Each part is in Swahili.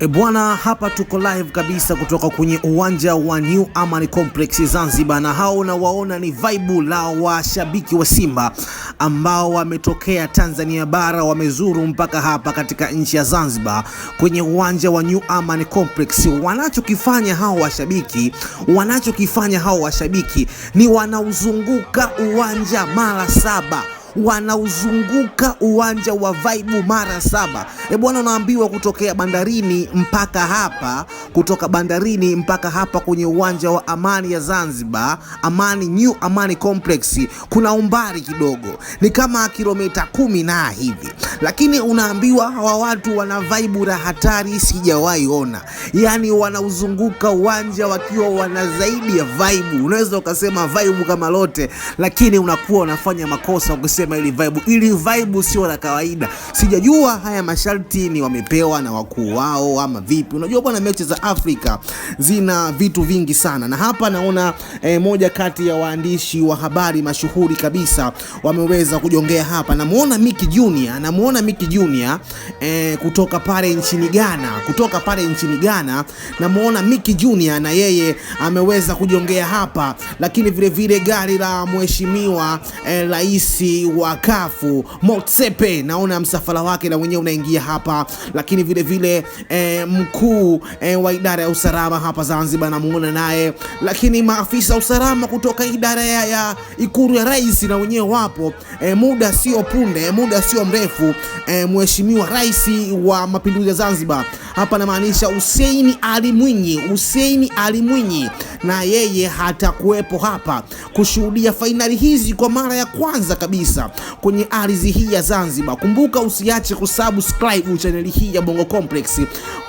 E bwana, hapa tuko live kabisa kutoka kwenye uwanja wa New Amani Complex Zanzibar, na hao unawaona ni vaibu la washabiki wa Simba ambao wametokea Tanzania bara wamezuru mpaka hapa katika nchi ya Zanzibar kwenye uwanja wa New Amani Complex. Wanachokifanya hao washabiki, wanachokifanya hao washabiki ni wanauzunguka uwanja mara saba wanauzunguka uwanja wa Vaibu mara saba. E bwana, unaambiwa kutokea bandarini mpaka hapa, kutoka bandarini mpaka hapa kwenye uwanja wa Amani ya Zanzibar, Amani New Amani Complex, kuna umbali kidogo, ni kama kilomita kumi na hivi lakini unaambiwa hawa watu wana vaibu la hatari sijawahi ona, yaani wanauzunguka uwanja wakiwa wana zaidi ya vaibu, unaweza ukasema vaibu kama lote, lakini unakuwa unafanya makosa ukisema ili vaibu. Ili vaibu sio la kawaida. Sijajua haya masharti ni wamepewa na wakuu wao ama vipi? Unajua bwana, mechi za Afrika zina vitu vingi sana, na hapa naona eh, moja kati ya waandishi wa habari mashuhuri kabisa wameweza kujongea hapa, namuona Miki Junior na tumemwona Miki Junior eh, kutoka pale nchini Ghana, kutoka pale nchini Ghana namuona Miki Junior na yeye ameweza kujongea hapa, lakini vile vile gari la mheshimiwa eh, rais wa kafu Motsepe, naona msafara wake na wenyewe unaingia hapa, lakini vile vile eh, mkuu eh, wa idara ya usalama hapa Zanzibar namuona naye, lakini maafisa usalama kutoka idara ya, ya ikuru ya rais na wenyewe wapo eh, muda sio punde muda sio mrefu eh, mheshimiwa rais wa mapinduzi ya Zanzibar. Hapa namaanisha Hussein Ali Mwinyi, Hussein Ali Mwinyi, na yeye hatakuwepo hapa kushuhudia fainali hizi kwa mara ya kwanza kabisa kwenye ardhi hii ya Zanzibar. Kumbuka usiache kusubscribe chaneli hii ya Bongo Complex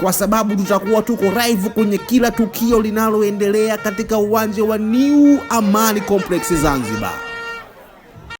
kwa sababu tutakuwa tuko live kwenye kila tukio linaloendelea katika uwanja wa New Amani Complex Zanzibar.